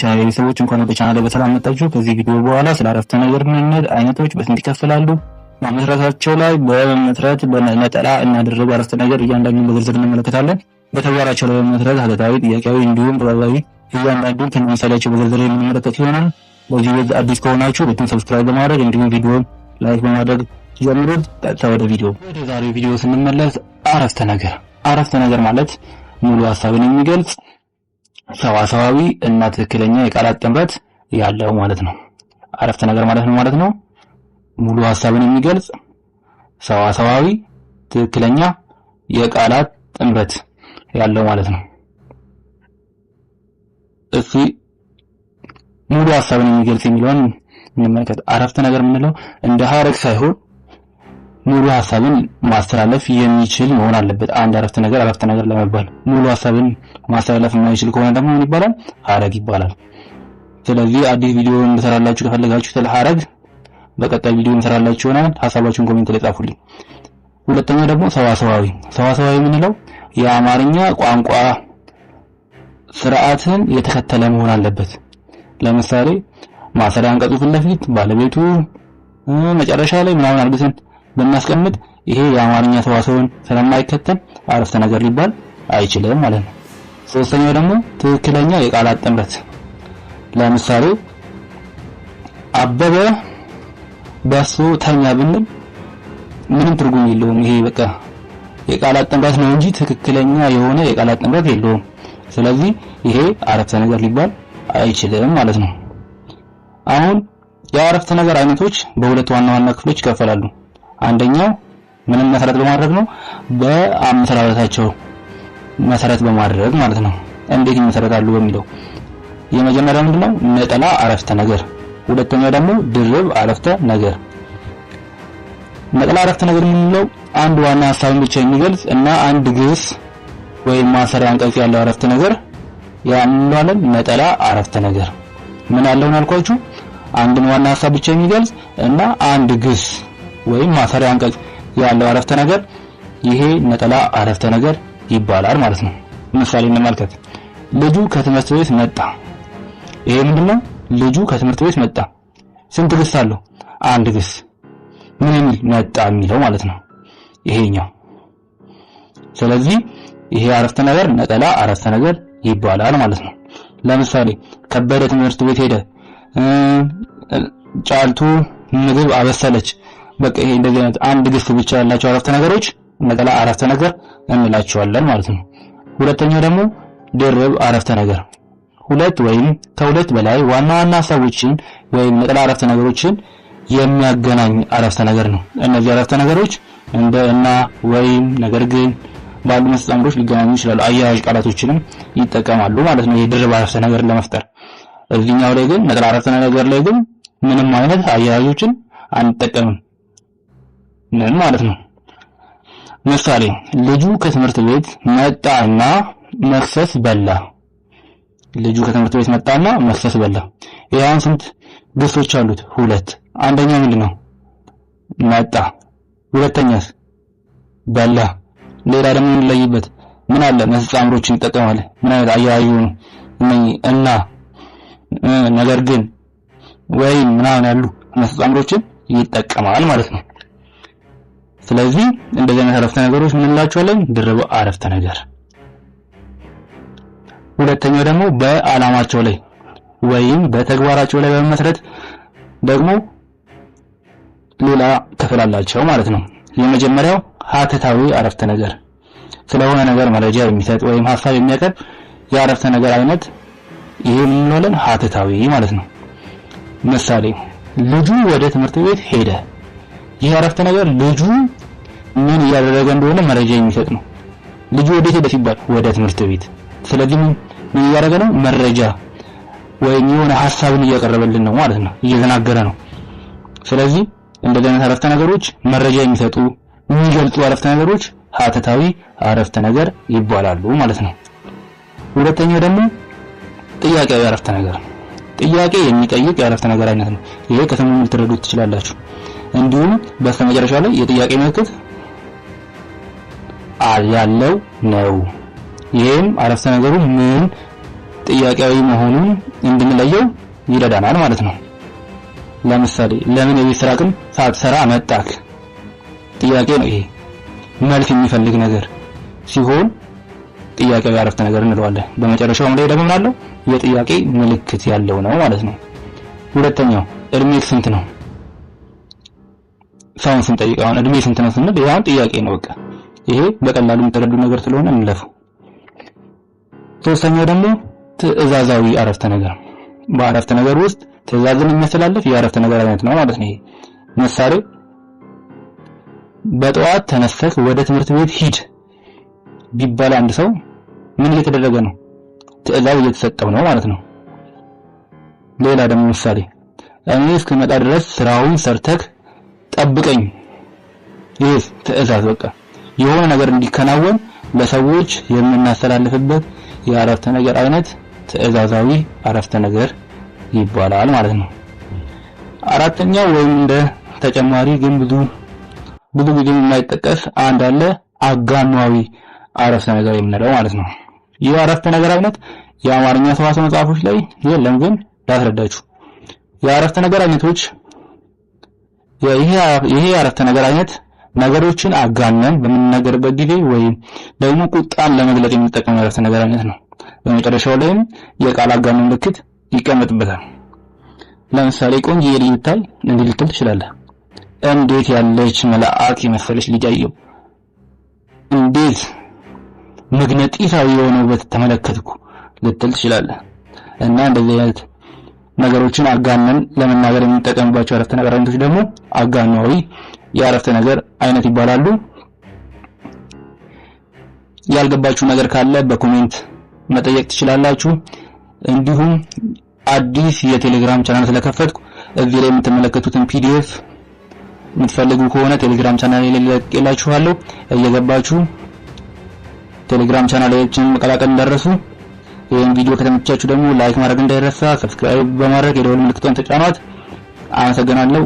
ቻናል ቤተሰቦች እንኳን ወደ ቻናል በሰላም መጣችሁ። ከዚህ ቪዲዮ በኋላ ስለ አረፍተ ነገር ምንነት አይነቶች በስንት ይከፍላሉ፣ ማመስረታቸው ላይ በመመስረት በነጠላ እናደረጉ ድርብ አረፍተ ነገር እያንዳንዱ በዝርዝር እንመለከታለን። በተግባራቸው ላይ በመመስረት ሀተታዊ፣ ጥያቄያዊ እንዲሁም ፕሮባዊ እያንዳንዱ ከነምሳሌያቸው በዝርዝር የምንመለከት ይሆናል። በዚህ ቤት አዲስ ከሆናችሁ ቤትን ሰብስክራይብ በማድረግ እንዲሁም ቪዲዮ ላይክ በማድረግ ጀምሩት። ቀጥታ ወደ ቪዲዮ ወደ ዛሬው ቪዲዮ ስንመለስ አረፍተ ነገር አረፍተ ነገር ማለት ሙሉ ሀሳብን የሚገልጽ ሰዋሰዋዊ እና ትክክለኛ የቃላት ጥምረት ያለው ማለት ነው። አረፍተ ነገር ማለት ነው ማለት ነው። ሙሉ ሀሳብን የሚገልጽ ሰዋሰዋዊ ትክክለኛ የቃላት ጥምረት ያለው ማለት ነው። እስቲ ሙሉ ሀሳብን የሚገልጽ የሚለውን እንመልከት። አረፍተ ነገር የምንለው እንደ ሀረግ ሳይሆን ሙሉ ሀሳብን ማስተላለፍ የሚችል መሆን አለበት። አንድ አረፍተ ነገር አረፍተ ነገር ለመባል ሙሉ ሀሳብን ማስተላለፍ የማይችል ከሆነ ደግሞ ምን ይባላል? ሀረግ ይባላል። ስለዚህ አዲስ ቪዲዮ እንሰራላችሁ ከፈለጋችሁ ስለ ሀረግ በቀጣይ ቪዲዮ እንሰራላችሁ ይሆናል። ሀሳባችሁን ኮሜንት ላይ ጻፉልኝ። ሁለተኛ ደግሞ ሰዋሰዋዊ ሰዋሰዋዊ የምንለው የአማርኛ ቋንቋ ስርዓትን የተከተለ መሆን አለበት። ለምሳሌ ማሰሪያ አንቀጹ ፊት ለፊት ባለቤቱ መጨረሻ ላይ ምናምን አድርገን ብናስቀምጥ ይሄ የአማርኛ ተዋሰውን ስለማይከተል አረፍተ ነገር ሊባል አይችልም ማለት ነው። ሶስተኛው ደግሞ ትክክለኛ የቃላት ጥምረት። ለምሳሌ አበበ በሱ ተኛ ብንል ምንም ትርጉም የለውም። ይሄ በቃ የቃላት ጥምረት ነው እንጂ ትክክለኛ የሆነ የቃላት ጥምረት የለውም። ስለዚህ ይሄ አረፍተ ነገር ሊባል አይችልም ማለት ነው። አሁን የአረፍተ ነገር አይነቶች በሁለት ዋና ዋና ክፍሎች ይከፈላሉ። አንደኛው ምንም መሰረት በማድረግ ነው። በአመሰራረታቸው መሰረት በማድረግ ማለት ነው። እንዴት ይመሰረታሉ በሚለው የመጀመሪያው ምንድነው? ነጠላ አረፍተ ነገር፣ ሁለተኛው ደግሞ ድርብ አረፍተ ነገር። ነጠላ አረፍተ ነገር የምንለው አንድ ዋና ሀሳብን ብቻ የሚገልጽ እና አንድ ግስ ወይም ማሰሪያ አንቀጽ ያለው አረፍተ ነገር ያንሏለን ነጠላ አረፍተ ነገር። ምን አለውን አልኳችሁ? አንድን ዋና ሀሳብ ብቻ የሚገልጽ እና አንድ ግስ ወይም ማሰሪያ አንቀጽ ያለው አረፍተ ነገር ይሄ ነጠላ አረፍተ ነገር ይባላል ማለት ነው። ምሳሌ እንመልከት። ልጁ ከትምህርት ቤት መጣ። ይሄ ምንድነው? ልጁ ከትምህርት ቤት መጣ። ስንት ግስ አለው? አንድ ግስ። ምን የሚል መጣ የሚለው ማለት ነው ይሄኛው። ስለዚህ ይሄ አረፍተ ነገር ነጠላ አረፍተ ነገር ይባላል ማለት ነው። ለምሳሌ ከበደ ትምህርት ቤት ሄደ። ጫልቱ ምግብ አበሰለች። በቃ ይሄ እንደዚህ አይነት አንድ ግፍ ብቻ ያላቸው አረፍተ ነገሮች ነጠላ አረፍተ ነገር እንላቸዋለን ማለት ነው። ሁለተኛው ደግሞ ድርብ አረፍተ ነገር ሁለት ወይም ከሁለት በላይ ዋና ዋና ሀሳቦችን ወይም ነጠላ አረፍተ ነገሮችን የሚያገናኝ አረፍተ ነገር ነው። እነዚህ አረፍተ ነገሮች እንደ እና፣ ወይም፣ ነገር ግን ባሉ መስተምሮች ሊገናኙ ይችላሉ። አያያዥ ቃላቶችንም ይጠቀማሉ ማለት ነው። የድርብ አረፍተ ነገር ለመፍጠር እዚህኛው ላይ ግን ነጠላ አረፍተ ነገር ላይ ግን ምንም አይነት አያያዦችን አንጠቀምም። ምን ማለት ነው? ምሳሌ ልጁ ከትምህርት ቤት መጣና መክሰስ በላ። ልጁ ከትምህርት ቤት መጣና መክሰስ በላ። ይሄን ስንት ግሶች አሉት? ሁለት። አንደኛው ምንድን ነው? መጣ። ሁለተኛስ? በላ። ሌላ ደግሞ የምንለይበት ምን አለ? መስተጻምሮችን ይጠቀማል። ምን አይነት አያያዩ ነው? እና ነገር ግን ወይም ምናምን ያሉ መስተጻምሮችን ይጠቀማል ማለት ነው። ስለዚህ እንደዚህ አይነት አረፍተ ነገሮች ምን እንላቸዋለን? ድርብ አረፍተ ነገር። ሁለተኛው ደግሞ በዓላማቸው ላይ ወይም በተግባራቸው ላይ በመመስረት ደግሞ ሌላ ክፍል አላቸው ማለት ነው። የመጀመሪያው ሀተታዊ አረፍተ ነገር ስለሆነ ነገር መረጃ የሚሰጥ ወይም ሀሳብ የሚያቀርብ የአረፍተ ነገር አይነት ይሄ የምንለዋለን ሀተታዊ ማለት ነው። ምሳሌ ልጁ ወደ ትምህርት ቤት ሄደ። ይህ አረፍተ ነገር ልጁ ምን እያደረገ እንደሆነ መረጃ የሚሰጥ ነው። ልጁ ወዴት ሄደ ሲባል ወደ ትምህርት ቤት። ስለዚህ ምን እያደረገ ነው? መረጃ ወይም የሆነ ሀሳብን እያቀረበልን ነው ማለት ነው፣ እየተናገረ ነው። ስለዚህ እንደዚህ አይነት አረፍተ ነገሮች መረጃ የሚሰጡ የሚገልጡ አረፍተ ነገሮች ሀተታዊ አረፍተ ነገር ይባላሉ ማለት ነው። ሁለተኛው ደግሞ ጥያቄያዊ አረፍተ ነገር ጥያቄ የሚጠይቅ የአረፍተ ነገር አይነት ነው። ይሄ ከስሙ ልትረዱት ትችላላችሁ። እንዲሁም በስተመጨረሻ ላይ የጥያቄ ምልክት ቃል ያለው ነው። ይህም አረፍተ ነገሩ ምን ጥያቄያዊ መሆኑን እንድንለየው ይረዳናል ማለት ነው። ለምሳሌ ለምን የቤት ስራቅን ሳትሰራ መጣክ? ጥያቄ ነው። ይሄ መልስ የሚፈልግ ነገር ሲሆን ጥያቄያዊ አረፍተ ነገር እንለዋለን። በመጨረሻውም ላይ ደግሞ ምናለው የጥያቄ ምልክት ያለው ነው ማለት ነው። ሁለተኛው እድሜክ ስንት ነው? ሰውን ስንጠይቀው እድሜ ስንት ነው ስንል ያን ጥያቄ ነው በቃ ይሄ በቀላሉ የሚተረዱ ነገር ስለሆነ እንለፈው። ሶስተኛው ደግሞ ትዕዛዛዊ አረፍተ ነገር ነው። በአረፍተ ነገር ውስጥ ትዕዛዝን የሚያስተላልፍ የአረፍተ ነገር አይነት ነው ማለት ነው። ምሳሌ በጠዋት ተነስተህ ወደ ትምህርት ቤት ሂድ ቢባል አንድ ሰው ምን እየተደረገ ነው? ትዕዛዝ እየተሰጠው ነው ማለት ነው። ሌላ ደግሞ ምሳሌ እኔ እስክመጣ ድረስ ስራውን ሰርተህ ጠብቀኝ። ይህ ትዕዛዝ በቃ የሆነ ነገር እንዲከናወን ለሰዎች የምናስተላልፍበት የአረፍተ ነገር አይነት ትዕዛዛዊ አረፍተ ነገር ይባላል ማለት ነው። አራተኛው ወይም እንደ ተጨማሪ ግን ብዙ ብዙ ጊዜ የማይጠቀስ አንድ አለ አጋኗዊ አረፍተ ነገር የምንለው ማለት ነው። ይህ አረፍተ ነገር አይነት የአማርኛ ሰዋሰው መጽሐፎች ላይ የለም፣ ግን ላስረዳችሁ። የአረፍተ ነገር አይነቶች ይሄ አረፍተ ነገር አይነት ነገሮችን አጋነን በምንናገርበት ጊዜ ወይም ደግሞ ቁጣን ለመግለጽ የምንጠቀመው ርዕሰ ነገር አይነት ነው። በመጨረሻው ላይም የቃል አጋነን ምልክት ይቀመጥበታል። ለምሳሌ ቆንጆዬ ልጅ ብታይ እንዲህ ልትል ትችላለህ። እንዴት ያለች መልአክ የመሰለች ልጅ አየሁ። እንዴት መግነጢሳዊ የሆነ ውበት ተመለከትኩ ልትል ትችላለህ። እና እንደዚህ አይነት ነገሮችን አጋነን ለመናገር የምንጠቀምባቸው አረፍተ ነገር አይነቶች ደግሞ አጋኗዊ የአረፍተ ነገር አይነት ይባላሉ። ያልገባችሁ ነገር ካለ በኮሜንት መጠየቅ ትችላላችሁ። እንዲሁም አዲስ የቴሌግራም ቻናል ስለከፈትኩ እዚህ ላይ የምትመለከቱትን ፒዲኤፍ የምትፈልጉ ከሆነ ቴሌግራም ቻናል ላይ እየገባችሁ ቴሌግራም ቻናላችንን መቀላቀል እንዳረሱ ይህን ቪዲዮ ከተመቻችሁ ደግሞ ላይክ ማድረግ እንዳይረሳ፣ ሰብስክራይብ በማድረግ የደወል ምልክቷን ተጫኗት። አመሰግናለሁ።